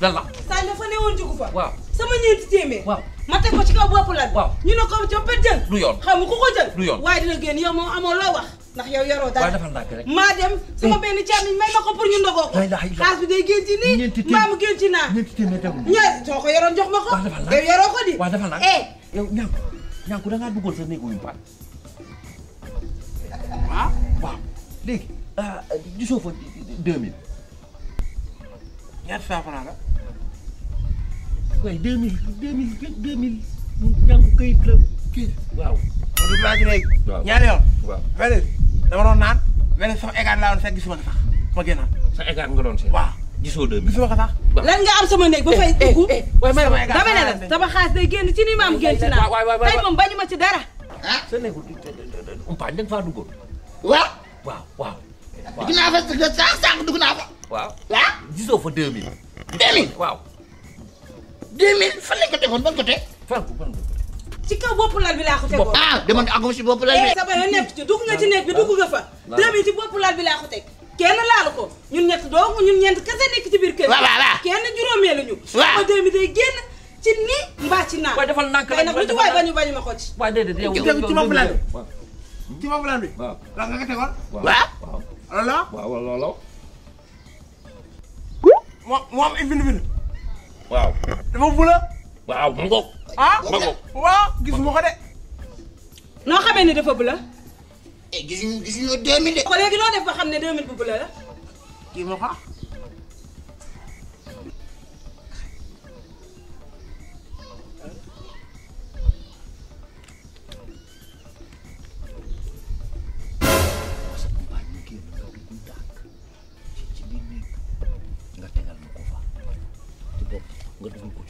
lan la. Sadio dafa newoon jugu fa. waaw sama ñeenti wa waaw ma teg ko ci kaw bopp la. waaw ñu ne ko coppet jël. du yoon xam nga ku ko jël. du yoon waaye dina génn yow moom amoo wax. ndax yow yoroo dara waaye dafa ndànk rek. maa dem eh. sama benn càmmiñ may ma ko pour ñu ndogoo ko. xaalis bi day génn ci nii. ñeenti téeméer maamu génn ci naa. ñeenti téeméer tegul. ñaar soo ko yoroon ma ko. waaw dafa ko di. waaw dafa ndànk eh. yow ñànku ñànku da ngaa duggoon sa néegu yu baax. ah waaw léegi ah, gisoo fa deux mille la waaye deux mille deux mille deux mille ñànku këyit kii waaw. kon du maa ngi léegi. waaw ñaari yoon. waaw beneen naan beneen sama égaar laa doon seet gisuma ko sax ma génnaat. sa égaar nga doon seet. waaw gisoo deux mille gisuma ko sax. lan nga am sama néeg ba fay eh, eh, dugg. Eh, waay may ma égaar dama ne la sama xaalis day génn ci ni ma am génn ci naa. waay waay waay tey ma ci dara. ah sa néeg umpaañ da nga faa duggoon. waaw. waaw waaw. dugg naa fa sànq 2000 fan lañ ko tegoon ban côté. fan ko ban côté. ci kaw bopp lal bi laa ko tegoon. ah demoon agum si bopp lal bi. Eh, sa bëri nekk ci dugg nga ci nekk bi dugg nga fa. 2000 ci bopp lal bi laa ko teg. kenn laalu ko ñun ñett dong ñun ñeent kese nekk ci biir kër gi. waaw kenn juróomee la ñu. waaw sama 2000 day génn ci nii mbaa ci naa. waaye defal nànk la nag lu ci waay bañu bañu ma ko ci. waaw déedéet yow ci bopp lal bi. ci bopp lal bi. waaw la nga ko tegoon. waaw looloo. waaw looloo. moom moom waaw. dafa bula. waaw mu ngoog. ah ma ngoog waaw gis nga ko de. noo xamee ne dafa bula. Eh, gis ñu gis ñu 2000 de. ko léegi loo def ba xam ne 2000 bu bula la. kii ma ko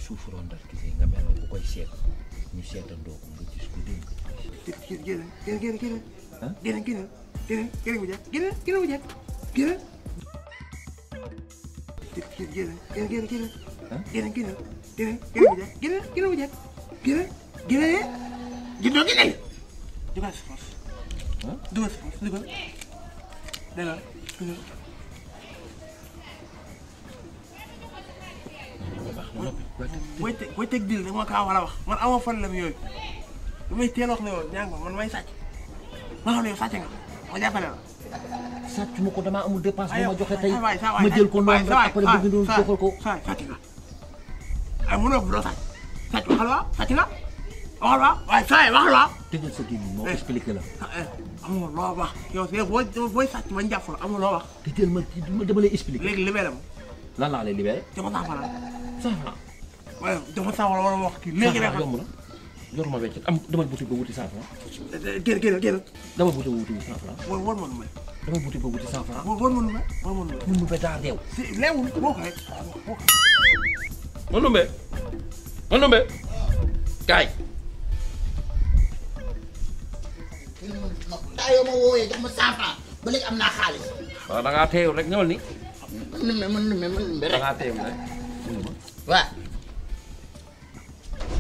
suuf rondal gisee nga mel ku koy seet ñu seetandoo ko nga gis ku dénk. génn génn génn génn. ah génn génn génn génn mu jàpp génn génn mu jàpp génn. génn génn génn génn génn. ah génn génn génn génn mu jàpp génn génn mu jàpp génn génn génnoo gi lay. dugal si force. dugal si force dugal. delloo. booy teg booy teg dil dama kaa war a wax man amoo problème yooyu lu may teel wax ne yow ñaa nga man may sàcc ma xam ne yow sàcc nga ma jàppale la. sàcc ma ko damaa amul dépense bu ma joxe tey ma jël ko noonu rek après bëgg doon joxal ko. sàcc nga ay mënoo bu doo sàcc sàcc waxal waa sàcc nga waxal waa waaye saa yi waxal waa. tëjal sa gémmiñ moo expliqué la. Eh, eh, amul loo wax yow si boo booy sàcc man jàpp la amul loo wax. te jël ma dama lay expliqué. léegi libéré ma. lan laa lay libéré. dama saa faral. cent franc. waaw dama saa war a wax kii léegi rek. yomb ma lu ma lu kaay. daa ma wooyee jox ma cent ba léegi am naa xaalis. waaw da ngaa rek ñëwal ni. man Ndoumbe man Ndoumbe man Ndoumbe rek da ngaa teew rek. waaw.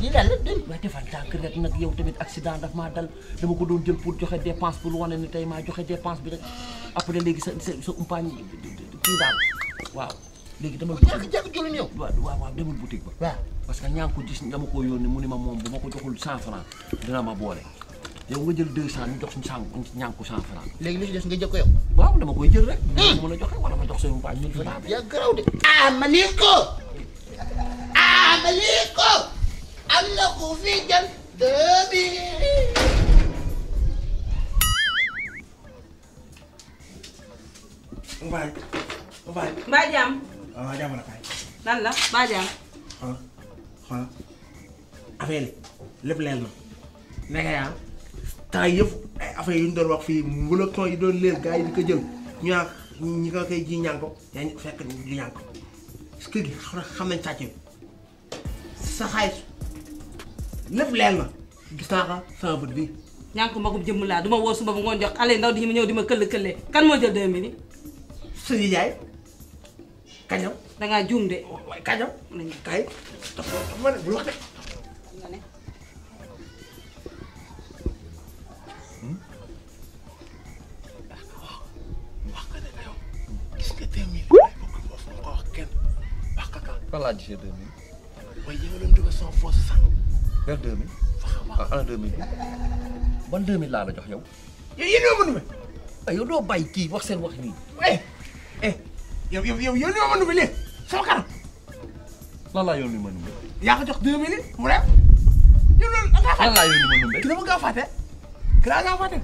lii daal tànk rek nag yow tamit accident daf maa dal dama ko doon jël pour joxe dépense pour wane ne tey maa joxe dépense bi rek léegi sa sa sa umpaañ kii daal dama. jékki-jékki jëluñu yow. waaw ba. parce que ñaa ngi ko gis dama ko yónni mu ne ma moom bu ma ko joxul cent franc dina ma boole. yow nga jël deux cent jox suñu sang ñaa ngi ko cent léegi li ci des nga jël ko yow. waaw dama koy jël rek. Hmm. dama a joxe wala ma jox seen umpaañ mille franc. yaa garaaw de. ah ma nii ko. tàmbali ko am na ku fi jël deux mille Mbaye. Mbaye. Mbaye Thiam. Ah, waaw waaw jàmm na Faye. lan la Mbaye Thiam. lépp leel na. naka yaa temps yëpp ay yu ñu doon wax fii mbulokton yi doon leel gars yi di ko jël ñu naan ñi ko koy ji ñànk yaa ngi fekk ñu ñànk ko. est-ce xam nañ sàcc sa xaalis lépp leen ma gis naa ko sama bët bii. ñànk magub jëmm laa du ma woo bu ngoon jox xale ndaw di ma ñëw di ma këll këllee kan moo jël deux mille yi. Sëñ Ndiaye kañam. juum de. waaye kañam kay tax ma ne hmm? gis nga deux mille. waaye yow leen jóge sans force sax. jox yow. yow yéen ñoo ma numé. ay yow doo ah, bàyyi kii wax seen wax nii. eh eh yow yow yow yow ñoo ma numé léegi sama kanam. lan laa yow li ma numé. yaa ko jox 2000 mu dem. yow da ngaa yow li ma numé. kii dafa gaaw fàtte. kii daa gaaw fàtte.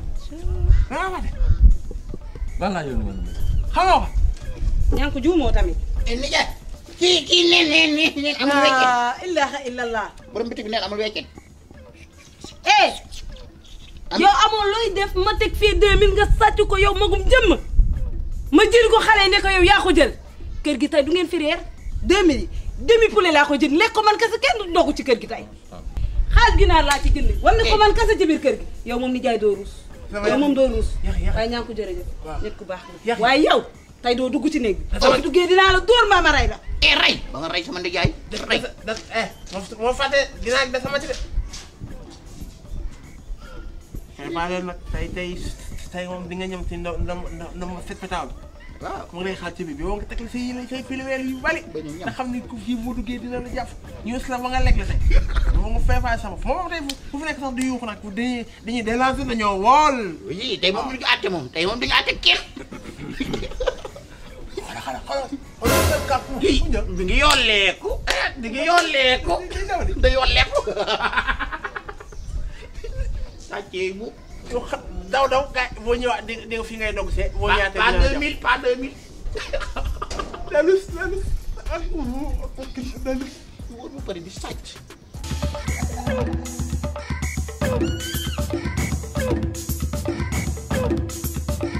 da ngaa yow li ma numé. xam ñaan ko juumoo tamit. Eh, kii kii neen neen neen amul weccet. ah bi neen amul weccet. eh. yow amoo looy def ma teg fii 2000 nga sàcc ko yow magum jëmm ma jël ko xale ne ko yow yaa ko kër gi tey du ngeen fi reer 2000 yi demi poulet laa ko jënd lekk ko man kese kenn du ndogu ci kër gi tey. gi ginaar laa ci jënd. wala ko man kese ci biir kër gi. yow moom ni jaay doo ruus. yow moom doo ruus. waaye ñaa ngi ko jërëjëf. waaw baax la. waaye yow tey doo dugg ci néeg bi. sama duggee dinaa la dóor mbaam a e eh, rey ba nga rey sama ndijaay rey moo fàtte dinaa da sama ci de tey baa leen nag tey tey tey moom di nga ñam ci ndox ndox ndox ma set pétaw waaw mu ngi lay xaar ci bi bi woo nga teg la say say filiweel yu bari nga ni ku kii boo duggee dina la jàpp ñu la ba nga lekk la tey moo nga feefaay sama fu moom tey fu fu nekk sax du yuuxu nag dañuy dañuy délancé dañoo wool oui tey moom duñu àtte moom tey moom duñu àtte kenn xanaa xoolal xoolal seen kàttan. di di ngi yolleeku. ngi yolleeku. da yolleeku. sàccee bu. daw daw gars yi boo ñëwaat di nga fi ngay dog see. boo ñaatee pas deux mille pas deux mille. dalus dalus ak pare di sàcc.